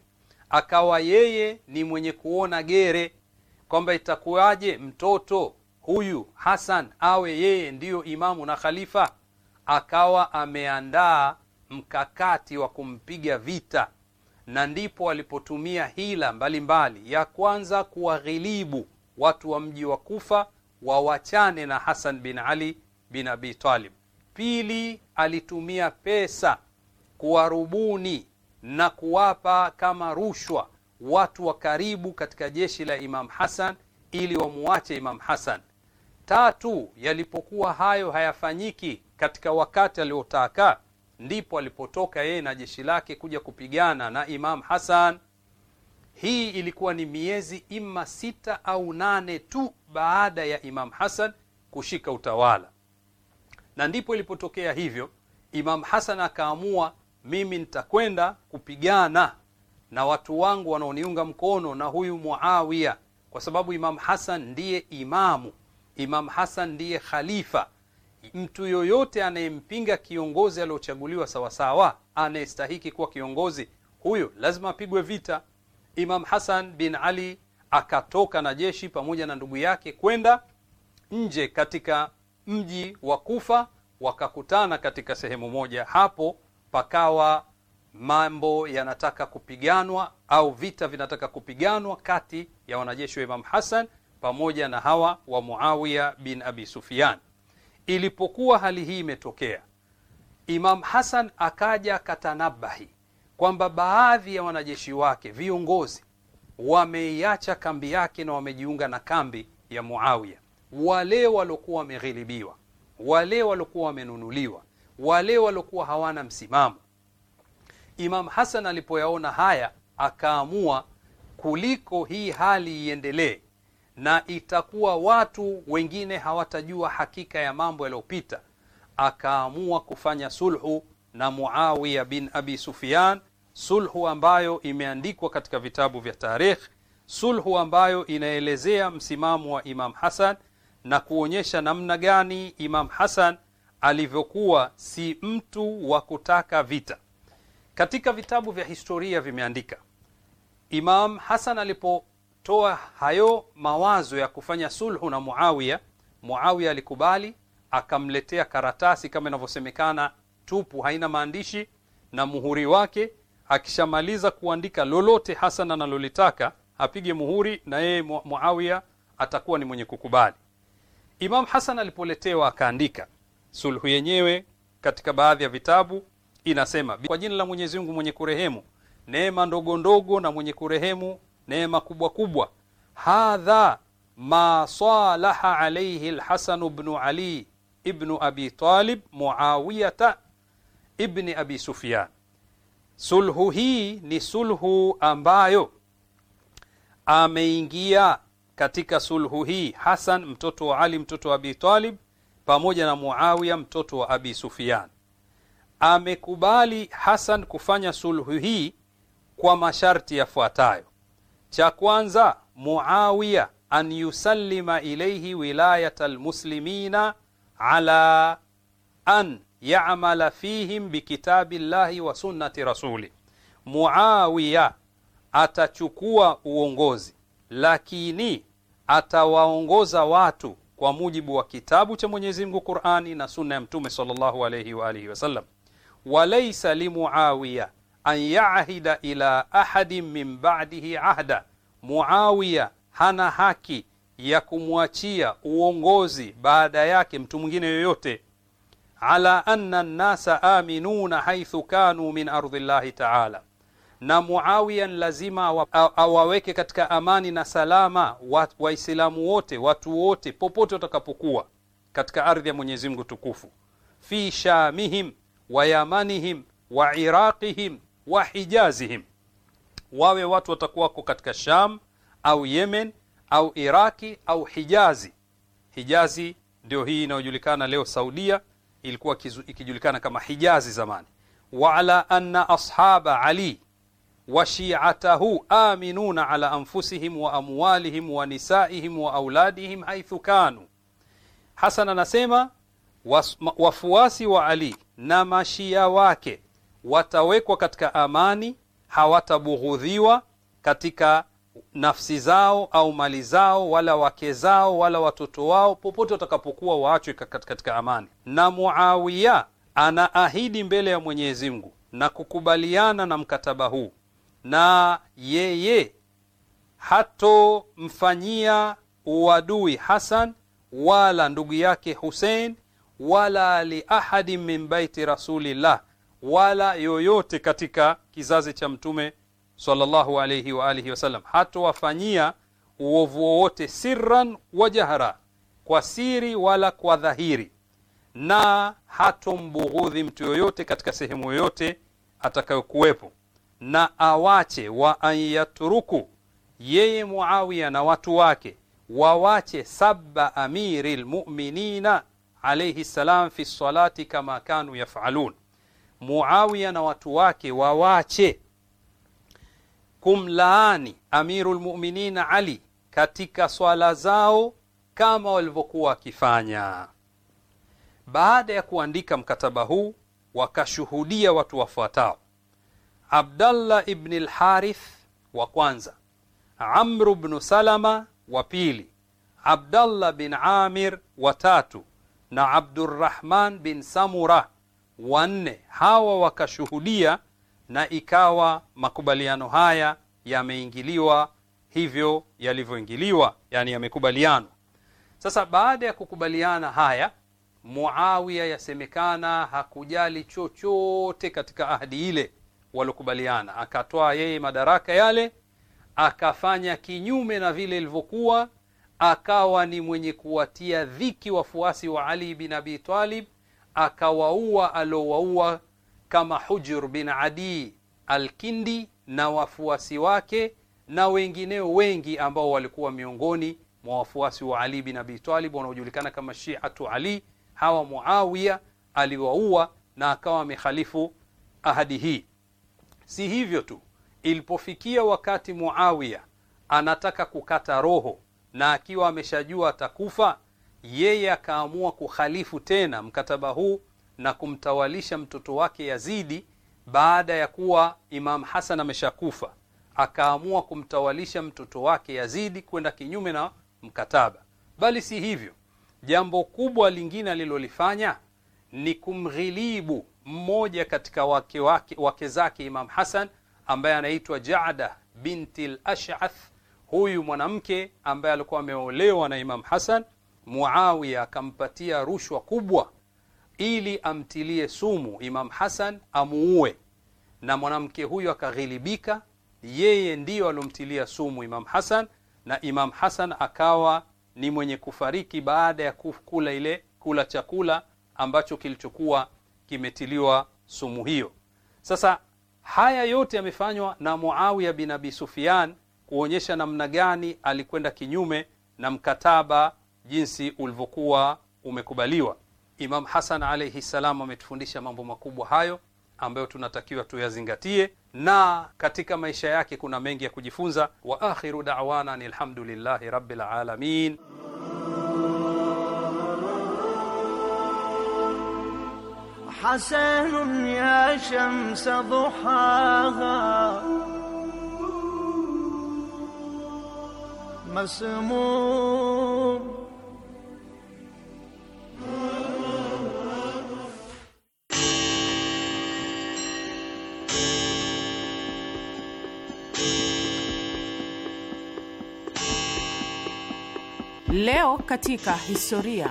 akawa yeye ni mwenye kuona gere kwamba itakuwaje mtoto huyu Hasan awe yeye ndiyo imamu na khalifa. Akawa ameandaa mkakati wa kumpiga vita, na ndipo alipotumia hila mbalimbali mbali. Ya kwanza kuwaghilibu watu wa mji wa Kufa wawachane na Hasan bin Ali bin Abi Talib. Pili, alitumia pesa kuwarubuni na kuwapa kama rushwa watu wa karibu katika jeshi la Imam Hassan ili wamuache Imam Hassan. Tatu, yalipokuwa hayo hayafanyiki katika wakati aliotaka, ndipo alipotoka yeye na jeshi lake kuja kupigana na Imam Hassan. Hii ilikuwa ni miezi ima sita au nane tu baada ya Imam Hassan kushika utawala na ndipo ilipotokea hivyo, Imam Hasan akaamua, mimi nitakwenda kupigana na watu wangu wanaoniunga mkono na huyu Muawiya, kwa sababu Imam Hasan ndiye imamu, Imam Hasan ndiye khalifa. Mtu yoyote anayempinga kiongozi aliochaguliwa sawasawa, anayestahiki kuwa kiongozi, huyo lazima apigwe vita. Imam Hasan bin Ali akatoka na jeshi pamoja na ndugu yake kwenda nje katika mji wa Kufa wakakutana katika sehemu moja. Hapo pakawa mambo yanataka kupiganwa au vita vinataka kupiganwa kati ya wanajeshi wa Imam Hassan pamoja na hawa wa Muawiya bin Abi Sufyan. Ilipokuwa hali hii imetokea, Imam Hassan akaja katanabahi kwamba baadhi ya wanajeshi wake viongozi wameiacha kambi yake na wamejiunga na kambi ya Muawiya wale waliokuwa wameghilibiwa, wale waliokuwa wamenunuliwa, wale waliokuwa hawana msimamo. Imam Hasan alipoyaona haya, akaamua kuliko hii hali iendelee, na itakuwa watu wengine hawatajua hakika ya mambo yaliyopita, akaamua kufanya sulhu na Muawiya bin Abi Sufyan, sulhu ambayo imeandikwa katika vitabu vya tarikh, sulhu ambayo inaelezea msimamo wa Imam Hasan na kuonyesha namna gani Imam Hasan alivyokuwa si mtu wa kutaka vita. Katika vitabu vya historia vimeandika, Imam Hasan alipotoa hayo mawazo ya kufanya sulhu na Muawiya, Muawiya alikubali, akamletea karatasi kama inavyosemekana tupu, haina maandishi na muhuri wake. Akishamaliza kuandika lolote Hasan analolitaka apige muhuri, na yeye Muawiya atakuwa ni mwenye kukubali. Imam Hasan alipoletewa akaandika sulhu yenyewe katika baadhi ya vitabu inasema: kwa jina la Mwenyezi Mungu mwenye kurehemu, neema ndogo ndogo, na mwenye kurehemu neema kubwa kubwa. Hadha ma salaha alayhi Alhasan bnu ibn Ali ibn Abi Talib Muawiyata ibn Abi Sufyan, sulhu hii ni sulhu ambayo ameingia katika sulhu hii Hasan mtoto wa Ali mtoto wa Abi Talib pamoja na Muawiya mtoto wa Abi Sufyan. Amekubali Hasan kufanya sulhu hii kwa masharti yafuatayo. Cha kwanza, Muawiya an yusallima ilayhi wilayata almuslimina ala an ya'mala fihim bikitabi llahi wa sunnati rasuli. Muawiya atachukua uongozi lakini atawaongoza watu kwa mujibu wa kitabu cha Mwenyezi Mungu Qur'ani na sunna ya Mtume sallallahu alayhi wa alihi wasallam. Walaysa li an ya'hida ila ahadin min ba'dihi ahda, Muawiya hana haki ya kumwachia uongozi baada yake mtu mwingine yoyote. Ala anna an-nasa aminuna haithu kanu min ardhi llahi ta'ala na Muawiya lazima awaweke katika amani na salama Waislamu wote, watu wote, popote watakapokuwa katika ardhi ya Mwenyezi Mungu tukufu, fi shamihim wa yamanihim wa iraqihim wa hijazihim, wawe watu watakuwako katika Sham au Yemen au Iraki au Hijazi. Hijazi ndio hii inayojulikana leo Saudia, ilikuwa ikijulikana kama Hijazi zamani. wa ala anna ashaba ali wa shi'atahu aminuna ala anfusihim wa amwalihim wa nisaihim wa auladihim haithu kanu. Hasan anasema wafuasi wa Ali na mashia wake watawekwa katika amani, hawatabughudhiwa katika nafsi zao au mali zao wala wake zao wala watoto wao, popote watakapokuwa waachwe katika amani. Na Muawiya anaahidi mbele ya Mwenyezi Mungu na kukubaliana na mkataba huu na yeye hatomfanyia uadui Hasan wala ndugu yake Husein wala liahadi min baiti rasulillah, wala yoyote katika kizazi cha Mtume sallallahu alayhi wa alihi wasallam, hatowafanyia uovu wowote sirran wa jahra, kwa siri wala kwa dhahiri, na hatombughudhi mtu yoyote katika sehemu yoyote atakayokuwepo na awache wa an yatruku, yeye Muawiya na watu wake wawache sabba amiri lmuminina alayhi salam fi salati kama kanu yafalun. Muawiya na watu wake wawache kumlaani amiru lmuminina Ali katika swala zao kama walivyokuwa wakifanya. Baada ya kuandika mkataba huu, wakashuhudia watu wafuatao. Abdallah ibn al-Harith wa kwanza, Amru bnu Salama wa pili, Abdallah bin Amir wa tatu, na Abdurrahman bin Samura wa nne. Hawa wakashuhudia na ikawa makubaliano haya yameingiliwa hivyo yalivyoingiliwa, yani yamekubalianwa. Sasa baada ya kukubaliana haya, Muawiya yasemekana hakujali chochote katika ahadi ile waliokubaliana akatoa yeye madaraka yale, akafanya kinyume na vile ilivyokuwa, akawa ni mwenye kuwatia dhiki wafuasi wa Ali bin Abi Talib, akawaua aliowaua kama Hujr bin Adi Alkindi na wafuasi wake na wengineo wengi ambao walikuwa miongoni mwa wafuasi wa Ali bin Abi Talib wanaojulikana kama Shiatu Ali. Hawa Muawiya aliwaua na akawa amekhalifu ahadi hii. Si hivyo tu, ilipofikia wakati Muawiya anataka kukata roho na akiwa ameshajua atakufa, yeye akaamua kukhalifu tena mkataba huu na kumtawalisha mtoto wake Yazidi baada ya kuwa Imam Hasan ameshakufa, akaamua kumtawalisha mtoto wake Yazidi kwenda kinyume na mkataba. Bali si hivyo, jambo kubwa lingine alilolifanya ni kumghilibu mmoja katika wake wake, wake zake Imam Hasan ambaye anaitwa Jaada binti al-Ash'ath. Huyu mwanamke ambaye alikuwa ameolewa na Imam Hasan, Muawiya akampatia rushwa kubwa ili amtilie sumu Imam Hasan amuue, na mwanamke huyu akaghilibika. Yeye ndiyo alomtilia sumu Imam Hasan, na Imam Hasan akawa ni mwenye kufariki baada ya kukula ile kula chakula ambacho kilichokuwa kimetiliwa sumu hiyo. Sasa haya yote yamefanywa na Muawiya bin Abi Sufyan kuonyesha namna gani alikwenda kinyume na mkataba jinsi ulivyokuwa umekubaliwa. Imam Hasan alaihi salam ametufundisha mambo makubwa hayo ambayo tunatakiwa tuyazingatie, na katika maisha yake kuna mengi ya kujifunza. Wa akhiru da'wana alhamdulillahi rabbil alamin. حسن يا شمس ضحاها مسموم Leo katika historia.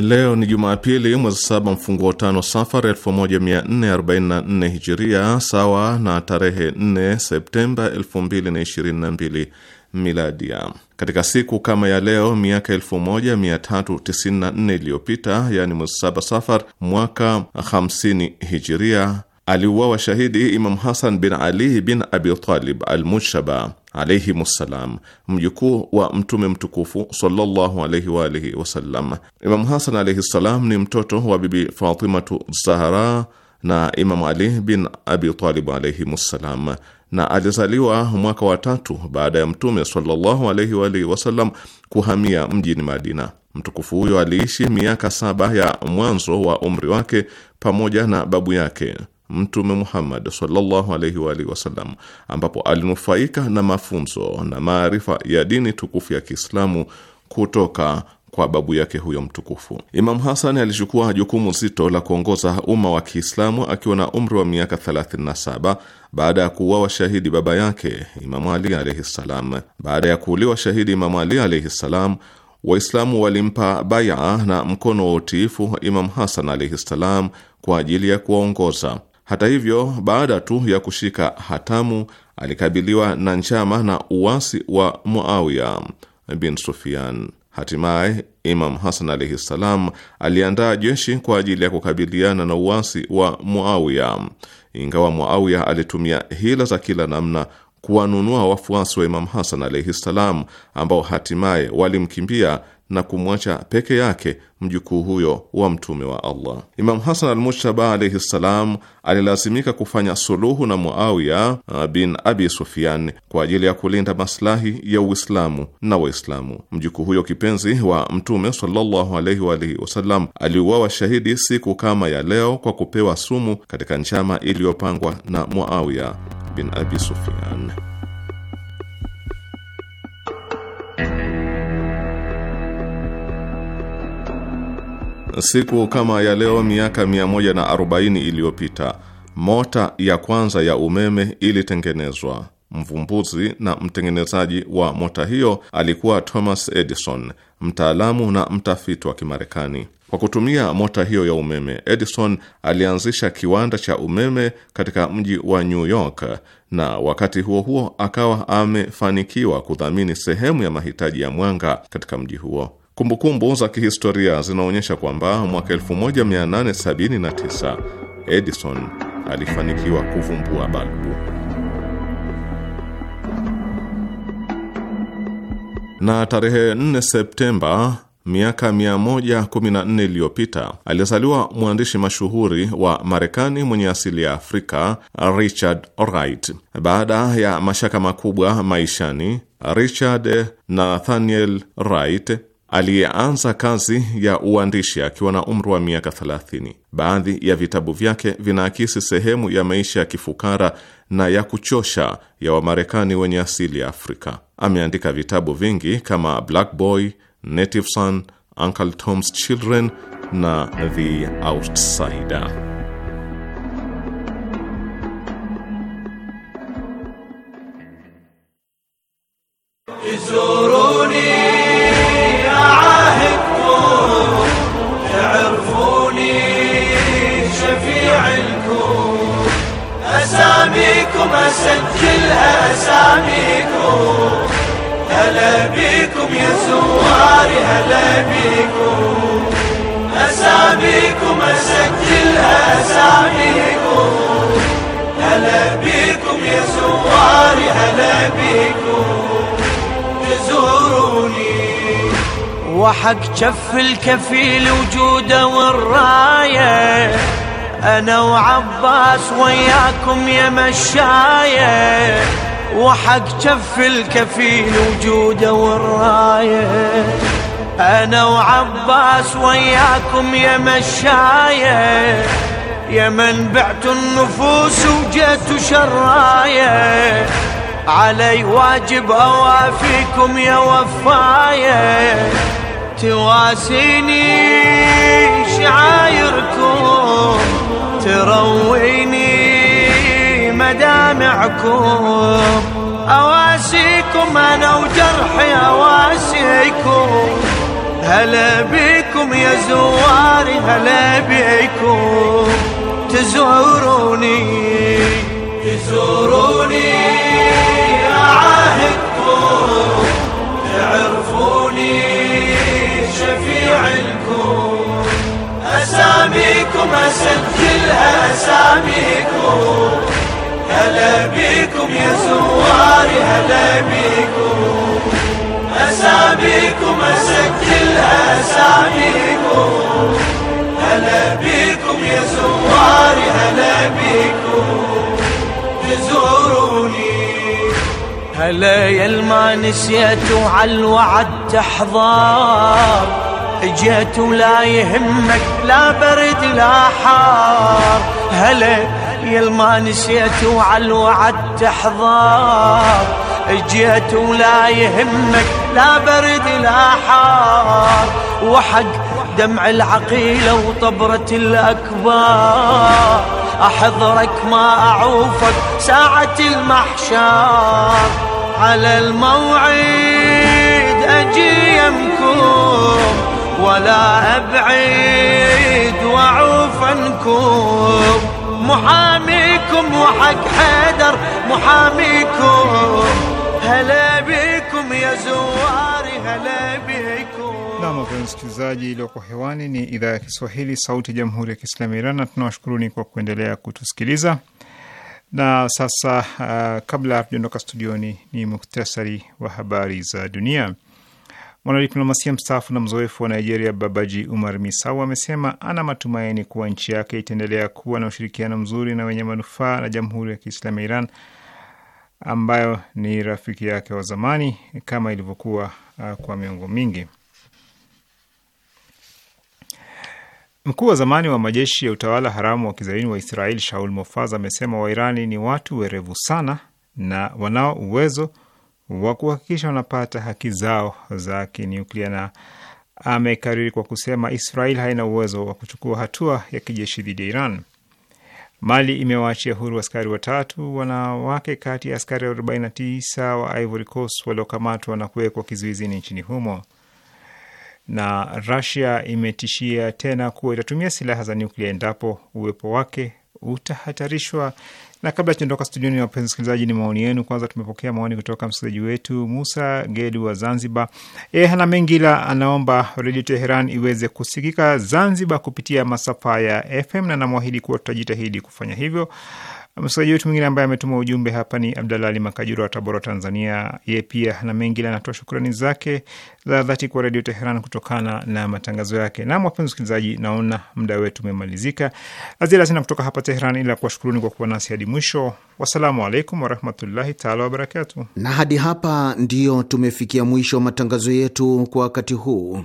Leo ni Jumapili, mwezi saba mfunguo tano Safar 1444 Hijiria, sawa na tarehe 4 Septemba 2022 Miladia. Katika siku kama ya leo miaka 1394 iliyopita, yani mwezi saba Safar mwaka 50 Hijiria, aliuawa shahidi Imam Hasan bin Ali bin Abi Talib al Mushaba alaihimussalam, mjukuu wa Mtume mtukufu sallallahu alaihi wa alihi wasallam. Imamu Hasan alaihi ssalam ni mtoto wa Bibi Fatimatu Zahra na Imamu Ali bin Abi Talib ssalam, na alizaliwa mwaka wa tatu baada ya Mtume sallallahu alaihi wa alihi wasallam kuhamia mjini Madina. Mtukufu huyo aliishi miaka saba ya mwanzo wa umri wake pamoja na babu yake Mtume Muhammad sallallahu alaihi wa alihi wasallam, ambapo alinufaika na mafunzo na maarifa ya dini tukufu ya Kiislamu kutoka kwa babu yake huyo mtukufu. Imamu Hasani alichukua jukumu zito la kuongoza umma wa Kiislamu akiwa na umri wa miaka 37 baada ya kuuawa shahidi baba yake Imamu Ali alaihi ssalam. Baada ya kuuliwa shahidi Imamu Ali alaihi ssalam, Waislamu walimpa baya na mkono wa utiifu Imamu Hasan alaihi ssalam kwa ajili ya kuwaongoza hata hivyo, baada tu ya kushika hatamu alikabiliwa na njama na uwasi wa Muawiya bin Sufyan. Hatimaye Imam Hasan alaihi ssalam aliandaa jeshi kwa ajili ya kukabiliana na uwasi wa Muawiya, ingawa Muawiya alitumia hila za kila namna kuwanunua wafuasi wa Imam Hasan alaihi ssalam, ambao hatimaye walimkimbia na kumwacha peke yake mjukuu huyo wa mtume wa Allah. Imam Hasan al mushtaba alayhi ssalam alilazimika kufanya suluhu na Muawiya uh, bin Abi Sufyan kwa ajili ya kulinda maslahi ya Uislamu na Waislamu. Mjukuu huyo kipenzi wa mtume sallallahu alayhi wa alihi wasallam aliuawa shahidi siku kama ya leo kwa kupewa sumu katika njama iliyopangwa na Muawiya bin Abi Sufyan. siku kama ya leo miaka 140 iliyopita mota ya kwanza ya umeme ilitengenezwa. Mvumbuzi na mtengenezaji wa mota hiyo alikuwa Thomas Edison, mtaalamu na mtafiti wa Kimarekani. Kwa kutumia mota hiyo ya umeme, Edison alianzisha kiwanda cha umeme katika mji wa New York, na wakati huo huo akawa amefanikiwa kudhamini sehemu ya mahitaji ya mwanga katika mji huo. Kumbukumbu za kihistoria zinaonyesha kwamba mwaka 1879 Edison alifanikiwa kuvumbua balbu, na tarehe 4 Septemba miaka 114 iliyopita alizaliwa mwandishi mashuhuri wa Marekani mwenye asili ya Afrika Richard Wright. Baada ya mashaka makubwa maishani, Richard Nathaniel Wright aliyeanza kazi ya uandishi akiwa na umri wa miaka 30. Baadhi ya vitabu vyake vinaakisi sehemu ya maisha ya kifukara na ya kuchosha ya Wamarekani wenye asili ya Afrika. Ameandika vitabu vingi kama Black Boy, Native Son, Uncle Tom's Children na The Outsider. It's أساميكم أسجلها أساميكم هلا بيكم يا زواري هلا بيكم أساميكم أسجلها أساميكم هلا بيكم يا زواري هلا بيكم تزوروني وحق جف الكفيل وجوده والرايه انا وعباس وياكم يا مشايه وحق كف الكفيل وجوده والرايه انا وعباس وياكم يا مشايه يا من بعت النفوس وجيت شرايه علي واجب اوافيكم يا وفايه تواسيني شعايركم ترويني مدامعكم أواسيكم أنا وجرحي أواسيكم هلا بيكم يا زواري هلا بيكم تزوروني تزوروني أعاهدكم تعرفوني شفيع أساميكم أسد أساميكم هلا بيكم يا زواري هلا بيكم أساميكم أسجلها أساميكم هلا بيكم يا زواري هلا بيكم تزوروني هلا يا ما على الوعد تحضر اجيت ولا يهمك لا برد لا حار هلا يل ما نسيت وعلى الوعد تحضار اجيت ولا يهمك لا برد لا حار وحق دمع العقيلة وطبرة الأكبار أحضرك ما أعوفك ساعة المحشار على الموعد أجي يمكن ولا أبعد وأعوف عنكم محاميكم وحق حدر محاميكم هلا بكم يا زواري هلا بكم Nam, wapenzi msikilizaji, iliyoko hewani ni idhaa ya Kiswahili sauti ya jamhuri ya kiislamu ya Iran, na tunawashukuruni kwa kuendelea kutusikiliza. Na sasa uh, kabla hatujaondoka studioni, ni, ni muktasari wa habari za dunia. Mwanadiplomasia mstaafu na mzoefu wa Nigeria Babaji Umar Misau amesema ana matumaini kuwa nchi yake itaendelea kuwa na ushirikiano mzuri na wenye manufaa na Jamhuri ya Kiislamu ya Iran ambayo ni rafiki yake wa zamani kama ilivyokuwa uh, kwa miongo mingi. Mkuu wa zamani wa majeshi ya utawala haramu wa kizaini wa Israel Shaul Mofaz amesema Wairani ni watu werevu sana na wanao uwezo wa kuhakikisha wanapata haki zao za kinuklia na amekariri kwa kusema Israel haina uwezo wa kuchukua hatua ya kijeshi dhidi ya Iran. Mali imewaachia huru askari watatu wanawake kati ya askari 49 wa Ivory Coast waliokamatwa na kuwekwa kizuizini nchini humo. Na Russia imetishia tena kuwa itatumia silaha za nyuklia endapo uwepo wake utahatarishwa na kabla tuondoka studioni, wapenzi wasikilizaji, ni maoni yenu. Kwanza tumepokea maoni kutoka msikilizaji wetu Musa Gedu wa Zanzibar. E, hana mengi la anaomba Redio Teheran iweze kusikika Zanzibar kupitia masafa ya FM na namwahidi kuwa tutajitahidi kufanya hivyo. Msikilizaji wetu mwingine ambaye ametuma ujumbe hapa ni Abdalali Makajuro wa Tabora, Tanzania. Yeye pia na mengi anatoa shukrani zake za dhati kwa Redio Teheran kutokana na matangazo yake. Nam, wapenzi msikilizaji, naona muda wetu umemalizika. Azia sina kutoka hapa Teheran ila kuwashukuruni kwa kuwa nasi hadi mwisho. Wassalamu alaikum warahmatullahi taala wabarakatu. Na hadi hapa ndiyo tumefikia mwisho wa matangazo yetu kwa wakati huu.